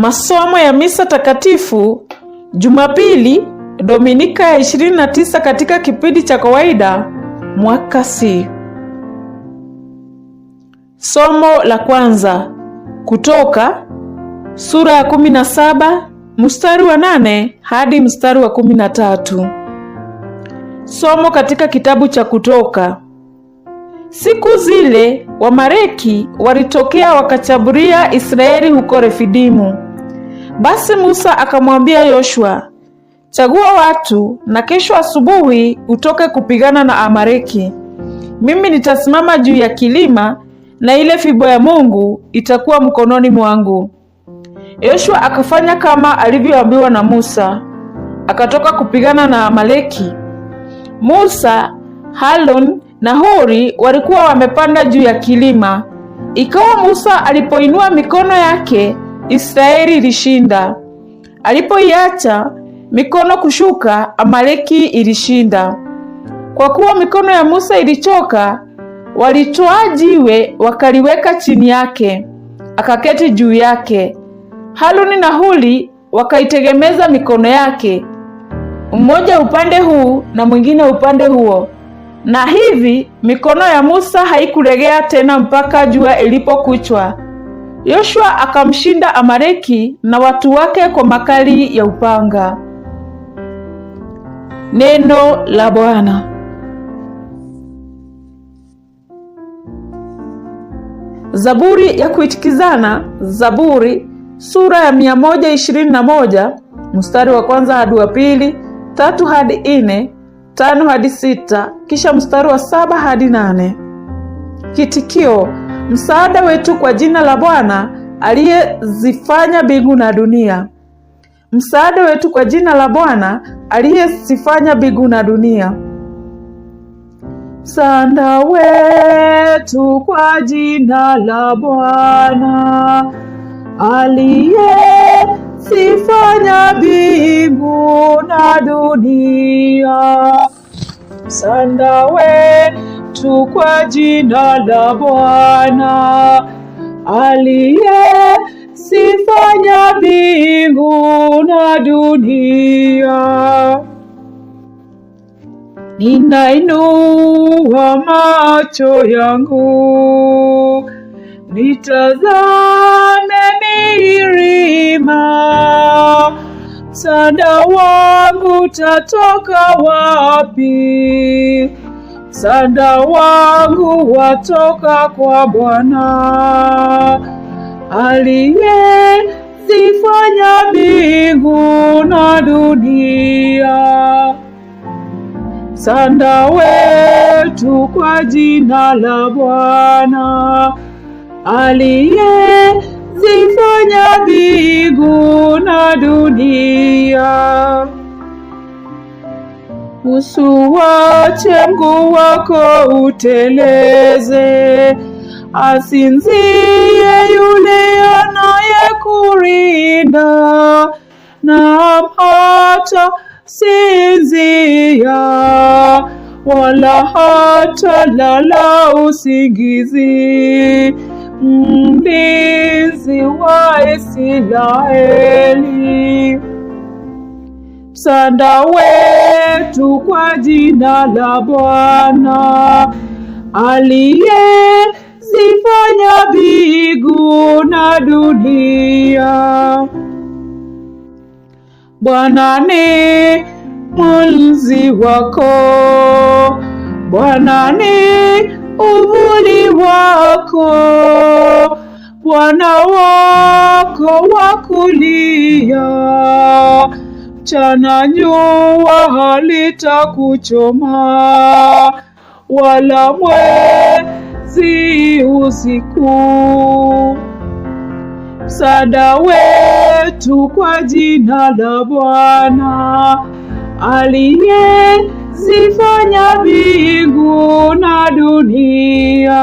Masomo ya Misa Takatifu Jumapili, Dominika ya 29 katika kipindi cha kawaida mwaka C. Somo la kwanza kutoka sura ya 17 mstari wa 8 hadi mstari wa 13. Somo katika kitabu cha Kutoka. Siku zile Wamareki walitokea wakachaburia Israeli huko Refidimu. Basi Musa akamwambia Yoshua, chagua watu na kesho asubuhi utoke kupigana na Amaleki. Mimi nitasimama juu ya kilima na ile fimbo ya Mungu itakuwa mkononi mwangu. Yoshua akafanya kama alivyoambiwa na Musa, akatoka kupigana na Amaleki. Musa, Halon na Huri walikuwa wamepanda juu ya kilima. Ikawa Musa alipoinua mikono yake Israeli ilishinda. Alipoiacha mikono kushuka, Amaleki ilishinda. Kwa kuwa mikono ya Musa ilichoka, walitwaa jiwe wakaliweka chini yake, akaketi juu yake. Haruni na Huri wakaitegemeza mikono yake, mmoja upande huu na mwingine upande huo, na hivi mikono ya Musa haikulegea tena mpaka jua ilipokuchwa. Yoshua akamshinda amareki na watu wake kwa makali ya upanga. Neno la Bwana. Zaburi ya kuitikizana, Zaburi sura ya 121 mstari wa kwanza hadi wa pili, tatu hadi nne, tano hadi sita, kisha mstari wa saba hadi nane. Kitikio msaada wetu kwa jina la Bwana aliyezifanya mbingu na dunia. Msaada wetu kwa jina la Bwana aliyezifanya mbingu na dunia. Msaada wetu kwa jina la Bwana aliyezifanya mbingu na dunia. Msaada wetu watu kwa jina la Bwana aliye sifanya mbingu na dunia. Ninainua macho yangu nitazame milima, msaada wangu tatoka wapi? sanda wangu watoka kwa Bwana aliyezifanya mbingu na dunia. sanda wetu kwa jina la Bwana aliyezifanya mbingu na dunia usu wache mguu wako uteleze, asinzie yule anayekulinda, na hata sinzia wala hata lala usingizi. Mlinzi wa Israeli msanda wetu kwa jina la Bwana aliye zifanya mbingu na dunia. Bwana ni mlinzi wako, Bwana ni uvuli wako, Bwana wako wa kulia Mchana jua halitakuchoma, wala mwezi usiku. Msaada wetu kwa jina la Bwana aliye zifanya mbingu na dunia.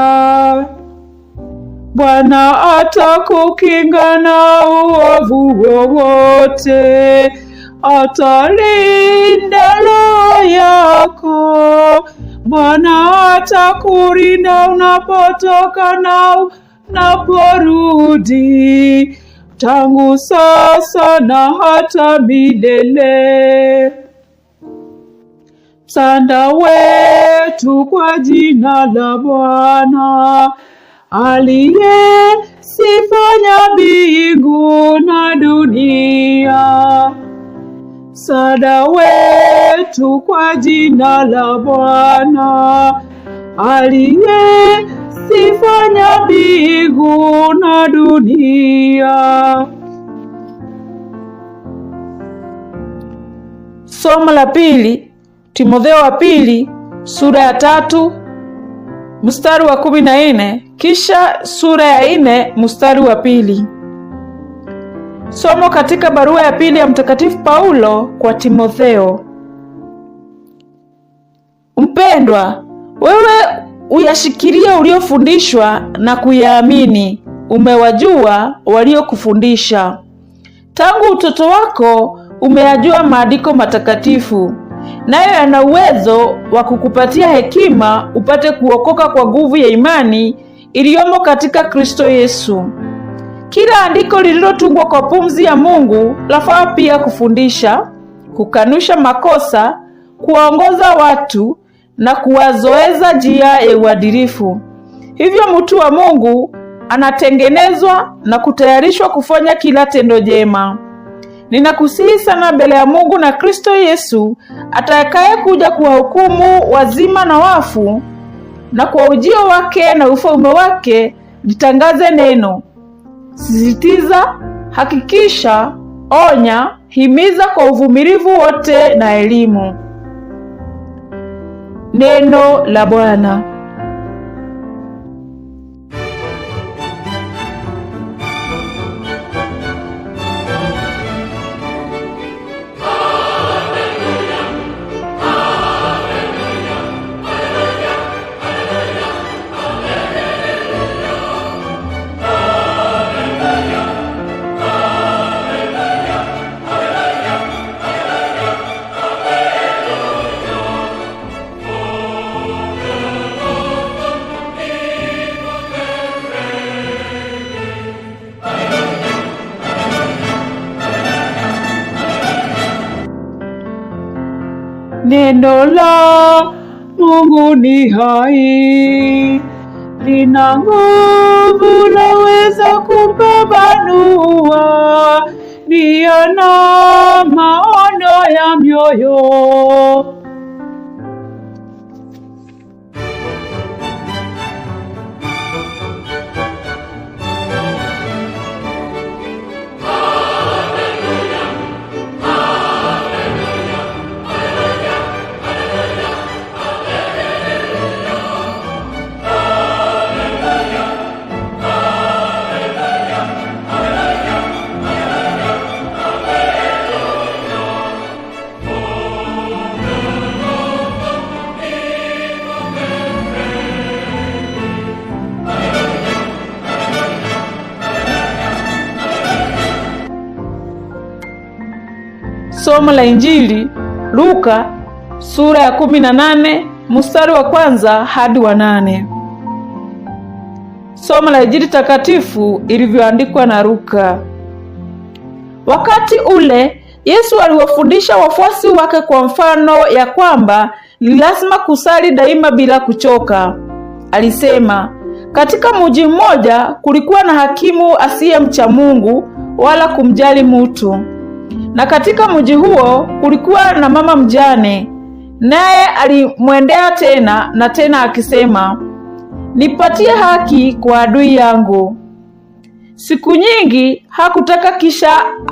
Bwana atakukinga na uovu wowote atalinda roho yako. Bwana atakurinda unapotoka na unaporudi, tangu sasa na hata milele. Msanda wetu kwa jina la Bwana aliye sifanya mbingu na dunia msaada wetu kwa jina la Bwana aliyezifanya mbingu na dunia. Somo la pili, Timotheo wa pili sura ya tatu mstari wa kumi na nne kisha sura ya nne mstari wa pili. Somo katika barua ya pili ya Mtakatifu Paulo kwa Timotheo. Mpendwa, wewe uyashikilia uliofundishwa na kuyaamini, umewajua waliokufundisha. Tangu utoto wako umeyajua maandiko matakatifu, nayo yana uwezo wa kukupatia hekima upate kuokoka kwa nguvu ya imani iliyomo katika Kristo Yesu. Kila andiko lililotungwa kwa pumzi ya Mungu lafaa pia kufundisha, kukanusha makosa, kuwaongoza watu na kuwazoeza njia ya uadilifu. Hivyo mtu wa Mungu anatengenezwa na kutayarishwa kufanya kila tendo jema. Ninakusihi sana mbele ya Mungu na Kristo Yesu atakaye kuja kuwahukumu wazima na wafu, na kwa ujio wake na ufalme wake litangaze neno sisitiza, hakikisha, onya, himiza kwa uvumilivu wote na elimu. Neno la Bwana. Neno la Mungu ni hai, lina nguvu, laweza kupambanua nia na maono ya mioyo somo la Injili Luka sura ya kumi na nane mstari wa kwanza hadi wa nane. Somo la Injili takatifu ilivyoandikwa na Luka. Wakati ule Yesu aliwafundisha wafuasi wake kwa mfano ya kwamba ni lazima kusali daima bila kuchoka. Alisema, katika mji mmoja kulikuwa na hakimu asiye mcha Mungu wala kumjali mutu na katika mji huo kulikuwa na mama mjane, naye alimwendea tena na tena akisema, nipatie haki kwa adui yangu. Siku nyingi hakutaka, kisha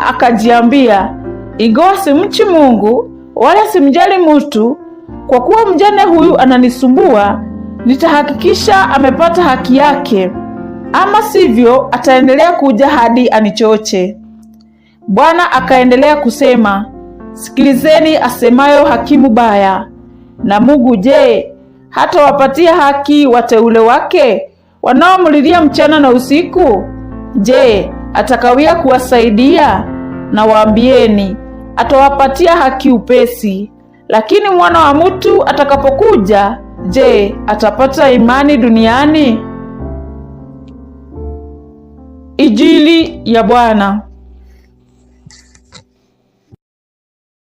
akajiambia, ingawa simchi Mungu wala simjali mtu, kwa kuwa mjane huyu ananisumbua, nitahakikisha amepata haki yake, ama sivyo ataendelea kuja hadi anichoche. Bwana akaendelea kusema, sikilizeni asemayo hakimu baya. Na Mungu je, hatawapatia haki wateule wake wanaomlilia mchana na usiku? Je, atakawia kuwasaidia? Na waambieni atawapatia haki upesi. Lakini mwana wa mtu atakapokuja, je, atapata imani duniani? ijili ya Bwana.